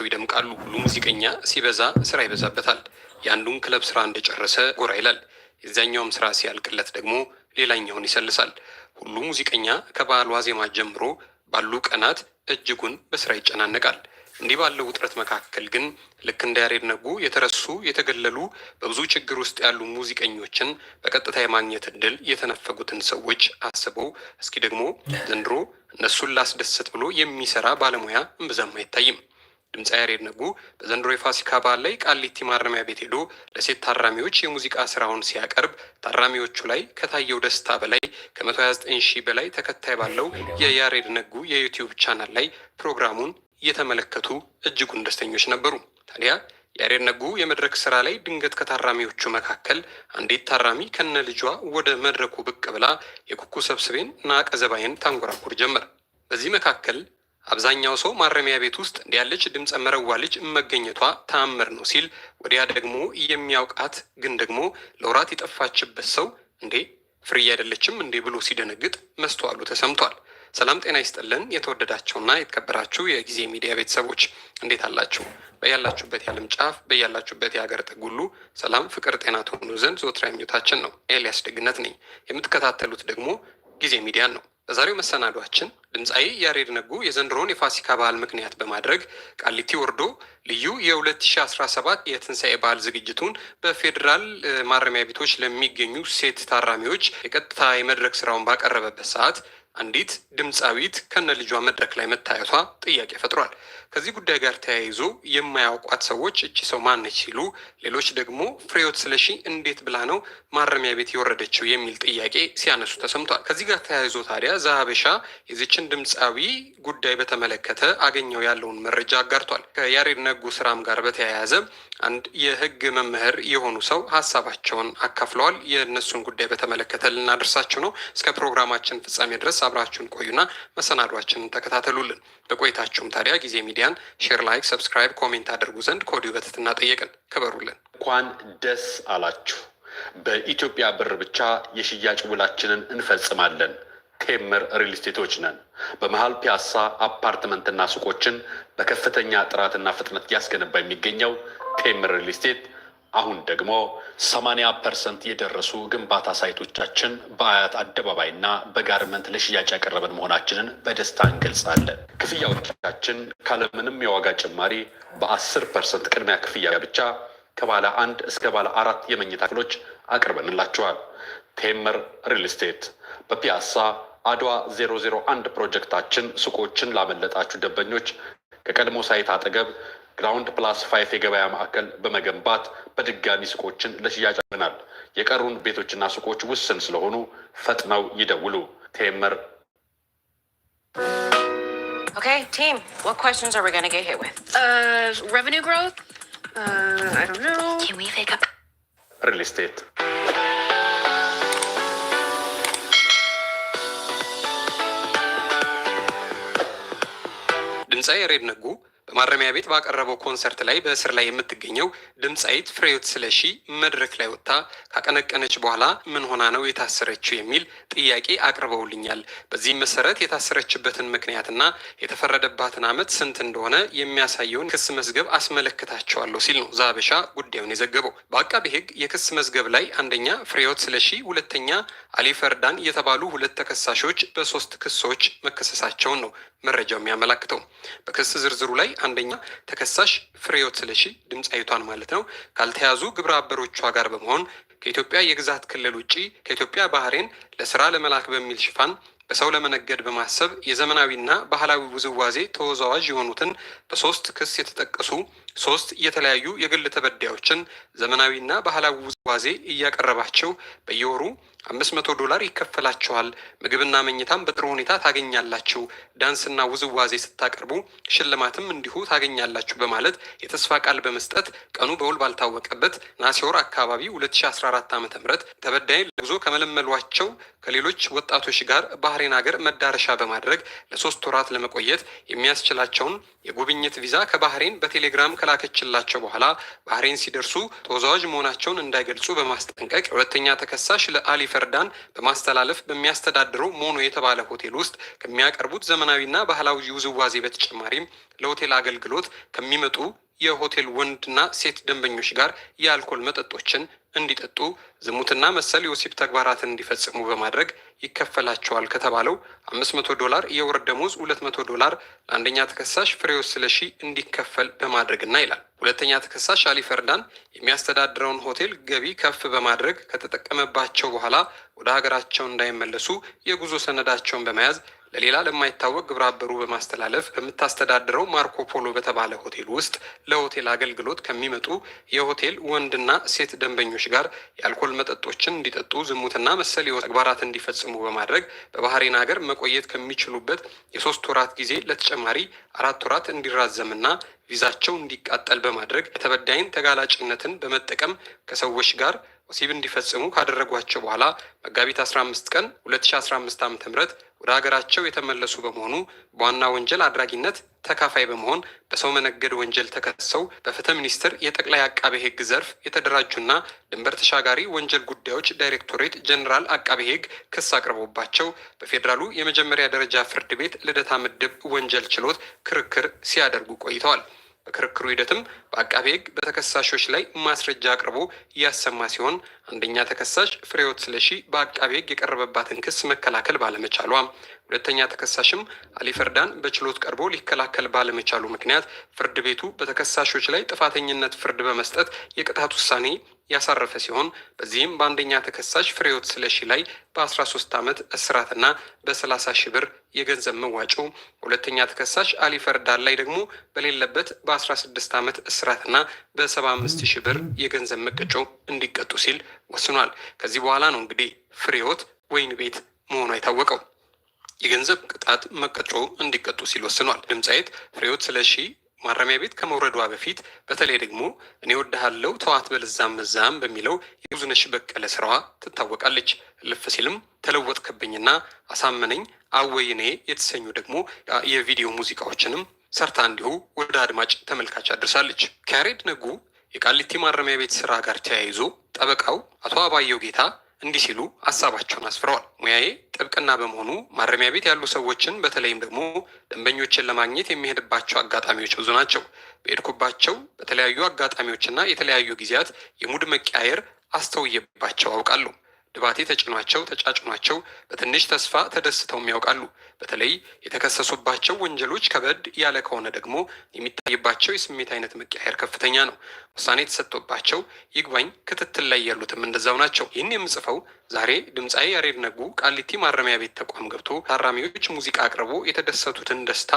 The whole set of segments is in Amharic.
ስራቸው ይደምቃሉ። ሁሉ ሙዚቀኛ ሲበዛ ስራ ይበዛበታል። የአንዱን ክለብ ስራ እንደጨረሰ ጎራ ይላል። የዚያኛውም ስራ ሲያልቅለት ደግሞ ሌላኛውን ይሰልሳል። ሁሉ ሙዚቀኛ ከበዓል ዋዜማ ጀምሮ ባሉ ቀናት እጅጉን በስራ ይጨናነቃል። እንዲህ ባለው ውጥረት መካከል ግን ልክ እንደ ያሬድ ነጉ የተረሱ የተገለሉ በብዙ ችግር ውስጥ ያሉ ሙዚቀኞችን በቀጥታ የማግኘት እድል የተነፈጉትን ሰዎች አስበው እስኪ ደግሞ ዘንድሮ እነሱን ላስደሰት ብሎ የሚሰራ ባለሙያ እምብዛም አይታይም። ድምፃዊ ያሬድ ነጉ በዘንድሮ የፋሲካ በዓል ላይ ቃሊቲ ማረሚያ ቤት ሄዶ ለሴት ታራሚዎች የሙዚቃ ስራውን ሲያቀርብ ታራሚዎቹ ላይ ከታየው ደስታ በላይ ከ129 ሺህ በላይ ተከታይ ባለው የያሬድ ነጉ የዩቲዩብ ቻናል ላይ ፕሮግራሙን እየተመለከቱ እጅጉን ደስተኞች ነበሩ። ታዲያ ያሬድ ነጉ የመድረክ ስራ ላይ ድንገት ከታራሚዎቹ መካከል አንዲት ታራሚ ከነ ልጇ ወደ መድረኩ ብቅ ብላ የኩኩ ሰብስቤን ና ቀዘባይን ታንጎራጉር ጀመር። በዚህ መካከል አብዛኛው ሰው ማረሚያ ቤት ውስጥ እንዲያለች ድምፀ መረዋ ልጅ መገኘቷ ተአምር ነው ሲል፣ ወዲያ ደግሞ የሚያውቃት ግን ደግሞ ለውራት የጠፋችበት ሰው እንዴ ፍርዬ አይደለችም እንዴ ብሎ ሲደነግጥ መስተዋሉ ተሰምቷል። ሰላም ጤና ይስጥልን። የተወደዳቸውና የተከበራችሁ የጊዜ ሚዲያ ቤተሰቦች እንዴት አላችሁ? በያላችሁበት የዓለም ጫፍ በያላችሁበት የሀገር ጥግ ሁሉ ሰላም፣ ፍቅር፣ ጤና ትሆኑ ዘንድ ዘወትር ምኞታችን ነው። ኤልያስ ደግነት ነኝ። የምትከታተሉት ደግሞ ጊዜ ሚዲያን ነው። በዛሬው መሰናዷችን ድምፃዊ ያሬድ ነጉ የዘንድሮውን የፋሲካ በዓል ምክንያት በማድረግ ቃሊቲ ወርዶ ልዩ የ2017 የትንሣኤ በዓል ዝግጅቱን በፌዴራል ማረሚያ ቤቶች ለሚገኙ ሴት ታራሚዎች የቀጥታ የመድረክ ስራውን ባቀረበበት ሰዓት አንዲት ድምፃዊት ከነልጇ መድረክ ላይ መታየቷ ጥያቄ ፈጥሯል። ከዚህ ጉዳይ ጋር ተያይዞ የማያውቋት ሰዎች እቺ ሰው ማነች ሲሉ፣ ሌሎች ደግሞ ፍሬዎት ስለሺ እንዴት ብላ ነው ማረሚያ ቤት የወረደችው የሚል ጥያቄ ሲያነሱ ተሰምቷል። ከዚህ ጋር ተያይዞ ታዲያ ዘሀበሻ የዚችን ድምፃዊ ጉዳይ በተመለከተ አገኘው ያለውን መረጃ አጋርቷል። ከያሬድ ነጉ ስራም ጋር በተያያዘ አንድ የህግ መምህር የሆኑ ሰው ሀሳባቸውን አካፍለዋል። የእነሱን ጉዳይ በተመለከተ ልናደርሳችሁ ነው። እስከ ፕሮግራማችን ፍጻሜ ድረስ አብራችሁን ቆዩና መሰናዷችንን ተከታተሉልን። በቆይታችሁም ታዲያ ጊዜ ሚዲያን ሼር፣ ላይክ፣ ሰብስክራይብ፣ ኮሜንት አድርጉ ዘንድ ከወዲሁ በትህትና ጠየቅን። ክበሩልን። እንኳን ደስ አላችሁ። በኢትዮጵያ ብር ብቻ የሽያጭ ውላችንን እንፈጽማለን። ቴምር ሪል ስቴቶች ነን። በመሀል ፒያሳ አፓርትመንትና ሱቆችን በከፍተኛ ጥራትና ፍጥነት እያስገነባ የሚገኘው ቴምር ሪል ስቴት አሁን ደግሞ 80 ፐርሰንት የደረሱ ግንባታ ሳይቶቻችን በአያት አደባባይና በጋርመንት ለሽያጭ ያቀረበን መሆናችንን በደስታ እንገልጻለን። ክፍያዎቻችን ካለምንም የዋጋ ጭማሪ በ10 ፐርሰንት ቅድሚያ ክፍያ ብቻ ከባለ አንድ እስከ ባለ አራት የመኝታ ክፍሎች አቅርበንላቸዋል። ቴምር ሪል ስቴት በፒያሳ አድዋ 001 ፕሮጀክታችን ሱቆችን ላመለጣችሁ ደንበኞች ከቀድሞ ሳይት አጠገብ ግራውንድ ፕላስ ፋይፍ የገበያ ማዕከል በመገንባት በድጋሚ ሱቆችን ለሽያጭ አድርገናል። የቀሩን ቤቶችና ሱቆች ውስን ስለሆኑ ፈጥነው ይደውሉ። ቴምር ሪል ስቴት ድምፃዊ ነጉ በማረሚያ ቤት ባቀረበው ኮንሰርት ላይ በእስር ላይ የምትገኘው ድምፃዊት ፍሬህይወት ስለሺ መድረክ ላይ ወጥታ ካቀነቀነች በኋላ ምን ሆና ነው የታሰረችው የሚል ጥያቄ አቅርበውልኛል። በዚህም መሰረት የታሰረችበትን ምክንያትና የተፈረደባትን ዓመት ስንት እንደሆነ የሚያሳየውን ክስ መዝገብ አስመለክታቸዋለሁ ሲል ነው ዛበሻ ጉዳዩን የዘገበው። በአቃቢ ሕግ የክስ መዝገብ ላይ አንደኛ ፍሬህይወት ስለሺ፣ ሁለተኛ አሊ ፈርዳን የተባሉ ሁለት ተከሳሾች በሶስት ክሶች መከሰሳቸውን ነው መረጃው የሚያመላክተው። በክስ ዝርዝሩ ላይ አንደኛ ተከሳሽ ፍሬዎት ስለሺ ድምፃዊቷን ማለት ነው ካልተያዙ ግብረ አበሮቿ ጋር በመሆን ከኢትዮጵያ የግዛት ክልል ውጪ ከኢትዮጵያ ባህሬን ለስራ ለመላክ በሚል ሽፋን በሰው ለመነገድ በማሰብ የዘመናዊና ባህላዊ ውዝዋዜ ተወዛዋዥ የሆኑትን በሶስት ክስ የተጠቀሱ ሶስት የተለያዩ የግል ተበዳዮችን ዘመናዊና ባህላዊ ውዝዋዜ እያቀረባቸው በየወሩ አምስት መቶ ዶላር ይከፈላችኋል፣ ምግብና መኝታም በጥሩ ሁኔታ ታገኛላችሁ፣ ዳንስና ውዝዋዜ ስታቀርቡ ሽልማትም እንዲሁ ታገኛላችሁ በማለት የተስፋ ቃል በመስጠት ቀኑ በውል ባልታወቀበት ነሐሴ ወር አካባቢ 2014 ዓ ም ተበዳይን ለጉዞ ከመለመሏቸው ከሌሎች ወጣቶች ጋር ባህሬን ሀገር መዳረሻ በማድረግ ለሶስት ወራት ለመቆየት የሚያስችላቸውን የጉብኝት ቪዛ ከባህሬን በቴሌግራም ከላከችላቸው በኋላ ባህሬን ሲደርሱ ተወዛዋዥ መሆናቸውን እንዳይገልጹ በማስጠንቀቅ ሁለተኛ ተከሳሽ ለአሊ ፈርዳን በማስተላለፍ በሚያስተዳድረው ሞኖ የተባለ ሆቴል ውስጥ ከሚያቀርቡት ዘመናዊና ባህላዊ ውዝዋዜ በተጨማሪም ለሆቴል አገልግሎት ከሚመጡ የሆቴል ወንድና ሴት ደንበኞች ጋር የአልኮል መጠጦችን እንዲጠጡ ዝሙትና መሰል የወሲብ ተግባራትን እንዲፈጽሙ በማድረግ ይከፈላቸዋል ከተባለው 500 ዶላር የወር ደመወዝ 200 ዶላር ለአንደኛ ተከሳሽ ፍሬው ስለሺ እንዲከፈል በማድረግና ይላል። ሁለተኛ ተከሳሽ አሊ ፈርዳን የሚያስተዳድረውን ሆቴል ገቢ ከፍ በማድረግ ከተጠቀመባቸው በኋላ ወደ ሀገራቸው እንዳይመለሱ የጉዞ ሰነዳቸውን በመያዝ ለሌላ ለማይታወቅ ግብረ አበሩ በማስተላለፍ በምታስተዳድረው ማርኮ ፖሎ በተባለ ሆቴል ውስጥ ለሆቴል አገልግሎት ከሚመጡ የሆቴል ወንድና ሴት ደንበኞች ጋር የአልኮል መጠጦችን እንዲጠጡ ዝሙትና መሰል ተግባራት እንዲፈጽሙ በማድረግ በባህሬን ሀገር መቆየት ከሚችሉበት የሶስት ወራት ጊዜ ለተጨማሪ አራት ወራት እንዲራዘምና ቪዛቸው እንዲቃጠል በማድረግ የተበዳይን ተጋላጭነትን በመጠቀም ከሰዎች ጋር ወሲብ እንዲፈጽሙ ካደረጓቸው በኋላ መጋቢት 15 ቀን 2015 ዓ.ም ወደ ሀገራቸው የተመለሱ በመሆኑ በዋና ወንጀል አድራጊነት ተካፋይ በመሆን በሰው መነገድ ወንጀል ተከሰው በፍትህ ሚኒስቴር የጠቅላይ አቃቤ ሕግ ዘርፍ የተደራጁና ድንበር ተሻጋሪ ወንጀል ጉዳዮች ዳይሬክቶሬት ጀኔራል አቃቤ ሕግ ክስ አቅርቦባቸው በፌዴራሉ የመጀመሪያ ደረጃ ፍርድ ቤት ልደታ ምድብ ወንጀል ችሎት ክርክር ሲያደርጉ ቆይተዋል። በክርክሩ ሂደትም በአቃቤ ሕግ በተከሳሾች ላይ ማስረጃ አቅርቦ እያሰማ ሲሆን አንደኛ ተከሳሽ ፍሬዎት ስለሺ በአቃቤ ሕግ የቀረበባትን ክስ መከላከል ባለመቻሏ፣ ሁለተኛ ተከሳሽም አሊ ፈርዳን በችሎት ቀርቦ ሊከላከል ባለመቻሉ ምክንያት ፍርድ ቤቱ በተከሳሾች ላይ ጥፋተኝነት ፍርድ በመስጠት የቅጣት ውሳኔ ያሳረፈ ሲሆን በዚህም በአንደኛ ተከሳሽ ፍሬዎት ስለሺ ላይ በ13 ዓመት እስራትና በ30 ሺህ ብር የገንዘብ መዋጮ፣ ሁለተኛ ተከሳሽ አሊ ፈርዳን ላይ ደግሞ በሌለበት በ16 ዓመት እስራትና በ75 ሺህ ብር የገንዘብ መቀጮ እንዲቀጡ ሲል ወስኗል። ከዚህ በኋላ ነው እንግዲህ ፍሬሕይወት ወይን ቤት መሆኗ የታወቀው የገንዘብ ቅጣት መቀጮ እንዲቀጡ ሲል ወስኗል። ድምጻዊት ፍሬሕይወት ስለሺ ማረሚያ ቤት ከመውረዷ በፊት በተለይ ደግሞ እኔ ወድሃለው ተዋት በልዛም መዛም በሚለው የብዙነሽ በቀለ ስራዋ ትታወቃለች። ልፍ ሲልም ተለወጥክብኝና አሳመነኝ፣ አወይኔ የተሰኙ ደግሞ የቪዲዮ ሙዚቃዎችንም ሰርታ እንዲሁ ወደ አድማጭ ተመልካች አድርሳለች። ከያሬድ ነጉ የቃሊቲ ማረሚያ ቤት ስራ ጋር ተያይዞ ጠበቃው አቶ አባየው ጌታ እንዲህ ሲሉ ሀሳባቸውን አስፍረዋል። ሙያዬ ጥብቅና በመሆኑ ማረሚያ ቤት ያሉ ሰዎችን በተለይም ደግሞ ደንበኞችን ለማግኘት የሚሄድባቸው አጋጣሚዎች ብዙ ናቸው። በሄድኩባቸው በተለያዩ አጋጣሚዎችና የተለያዩ ጊዜያት የሙድ መቀያየር አስተውየባቸው አውቃለሁ። ድባቴ ተጭኗቸው ተጫጭኗቸው በትንሽ ተስፋ ተደስተውም ያውቃሉ። በተለይ የተከሰሱባቸው ወንጀሎች ከበድ ያለ ከሆነ ደግሞ የሚታይባቸው የስሜት አይነት መቀያየር ከፍተኛ ነው። ውሳኔ የተሰጥቶባቸው ይግባኝ ክትትል ላይ ያሉትም እንደዛው ናቸው። ይህን የምጽፈው ዛሬ ድምፃዊ ያሬድ ነጉ ቃሊቲ ማረሚያ ቤት ተቋም ገብቶ ታራሚዎች ሙዚቃ አቅርቦ የተደሰቱትን ደስታ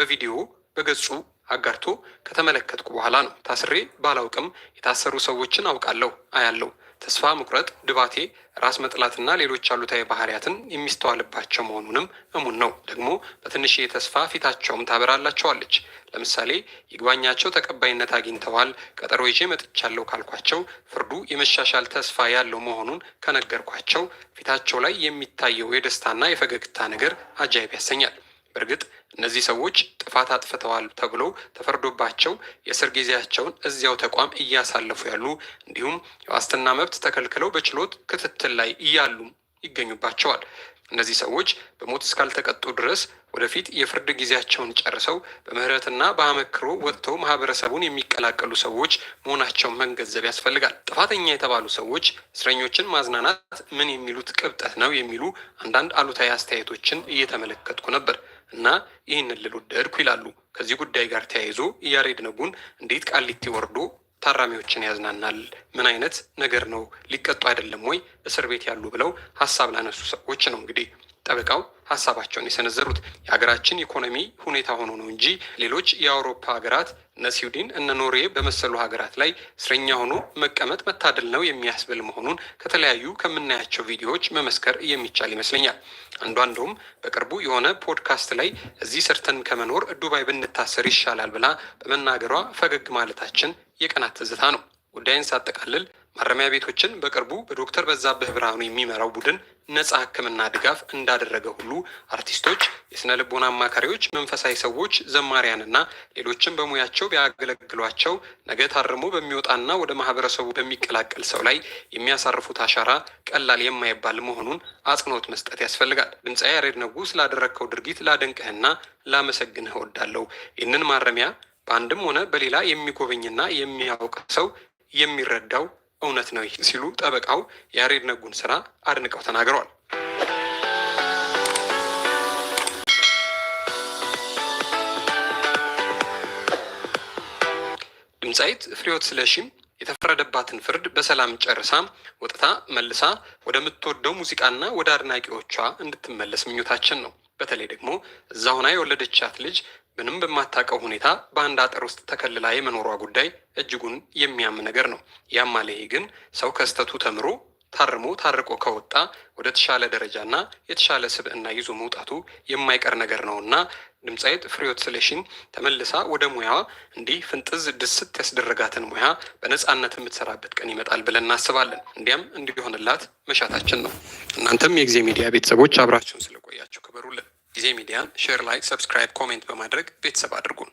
በቪዲዮ በገጹ አጋርቶ ከተመለከትኩ በኋላ ነው። ታስሬ ባላውቅም የታሰሩ ሰዎችን አውቃለሁ፣ አያለሁ ተስፋ መቁረጥ፣ ድባቴ፣ ራስ መጥላትና ሌሎች አሉታዊ ባህሪያትን የሚስተዋልባቸው መሆኑንም እሙን ነው። ደግሞ በትንሽ ተስፋ ፊታቸውም ታበራላቸዋለች። ለምሳሌ ይግባኛቸው ተቀባይነት አግኝተዋል፣ ቀጠሮ ይዤ መጥቻለሁ ካልኳቸው፣ ፍርዱ የመሻሻል ተስፋ ያለው መሆኑን ከነገርኳቸው፣ ፊታቸው ላይ የሚታየው የደስታና የፈገግታ ነገር አጃይብ ያሰኛል። በእርግጥ እነዚህ ሰዎች ጥፋት አጥፍተዋል ተብለው ተፈርዶባቸው የእስር ጊዜያቸውን እዚያው ተቋም እያሳለፉ ያሉ እንዲሁም የዋስትና መብት ተከልክለው በችሎት ክትትል ላይ እያሉ ይገኙባቸዋል። እነዚህ ሰዎች በሞት እስካልተቀጡ ድረስ ወደፊት የፍርድ ጊዜያቸውን ጨርሰው በምህረትና በአመክሮ ወጥተው ማህበረሰቡን የሚቀላቀሉ ሰዎች መሆናቸውን መገንዘብ ያስፈልጋል። ጥፋተኛ የተባሉ ሰዎች እስረኞችን ማዝናናት ምን የሚሉት ቅብጠት ነው የሚሉ አንዳንድ አሉታዊ አስተያየቶችን እየተመለከትኩ ነበር። እና ይህንን ልል ወደድኩ ይላሉ። ከዚህ ጉዳይ ጋር ተያይዞ እያሬድ ነጉን እንዴት ቃሊቲ ወርዶ ታራሚዎችን ያዝናናል? ምን አይነት ነገር ነው? ሊቀጡ አይደለም ወይ እስር ቤት ያሉ ብለው ሀሳብ ላነሱ ሰዎች ነው እንግዲህ ጠበቃው ሀሳባቸውን የሰነዘሩት። የሀገራችን ኢኮኖሚ ሁኔታ ሆኖ ነው እንጂ ሌሎች የአውሮፓ ሀገራት እነ ስዊድን እነ ኖሬ በመሰሉ ሀገራት ላይ እስረኛ ሆኖ መቀመጥ መታደል ነው የሚያስብል መሆኑን ከተለያዩ ከምናያቸው ቪዲዮዎች መመስከር የሚቻል ይመስለኛል። አንዷ እንደውም በቅርቡ የሆነ ፖድካስት ላይ እዚህ ሰርተን ከመኖር ዱባይ ብንታሰር ይሻላል ብላ በመናገሯ ፈገግ ማለታችን የቀናት ትዝታ ነው። ጉዳይን ሳጠቃልል ማረሚያ ቤቶችን በቅርቡ በዶክተር በዛብህ ብርሃኑ የሚመራው ቡድን ነጻ ሕክምና ድጋፍ እንዳደረገ ሁሉ አርቲስቶች፣ የስነ ልቦና አማካሪዎች፣ መንፈሳዊ ሰዎች፣ ዘማሪያንና ሌሎችን በሙያቸው ቢያገለግሏቸው ነገ ታርሞ በሚወጣና ወደ ማህበረሰቡ በሚቀላቀል ሰው ላይ የሚያሳርፉት አሻራ ቀላል የማይባል መሆኑን አጽንኦት መስጠት ያስፈልጋል። ድምፃዊ ያሬድ ነጉ ስላደረግከው ድርጊት ላደንቅህና ላመሰግንህ እወዳለሁ። ይህንን ማረሚያ በአንድም ሆነ በሌላ የሚጎበኝና የሚያውቅ ሰው የሚረዳው እውነት ነው ሲሉ ጠበቃው የያሬድ ነጉን ስራ አድንቀው ተናግረዋል። ድምፃዊት ፍሬህይወት ስለሺም የተፈረደባትን ፍርድ በሰላም ጨርሳ ወጥታ መልሳ ወደምትወደው ሙዚቃና ወደ አድናቂዎቿ እንድትመለስ ምኞታችን ነው። በተለይ ደግሞ እዛ ሆና የወለደቻት ልጅ ምንም በማታውቀው ሁኔታ በአንድ አጥር ውስጥ ተከልላ የመኖሯ ጉዳይ እጅጉን የሚያም ነገር ነው። ያም ማለሄ ግን ሰው ከስተቱ ተምሮ ታርሞ ታርቆ ከወጣ ወደ ተሻለ ደረጃና የተሻለ ስብዕና ይዞ መውጣቱ የማይቀር ነገር ነውና ድምፃዊት ፍሬሕይወት ስለሽን ተመልሳ ወደ ሙያዋ እንዲህ ፍንጥዝ ድስት ያስደረጋትን ሙያ በነፃነት የምትሰራበት ቀን ይመጣል ብለን እናስባለን። እንዲያም እንዲሆንላት መሻታችን ነው። እናንተም የጊዜ ሚዲያ ቤተሰቦች አብራችሁን ስለቆያችሁ ክበሩልን። ጊዜ ሚዲያን ሼር፣ ላይክ፣ ሰብስክራይብ፣ ኮሜንት በማድረግ ቤተሰብ አድርጉን።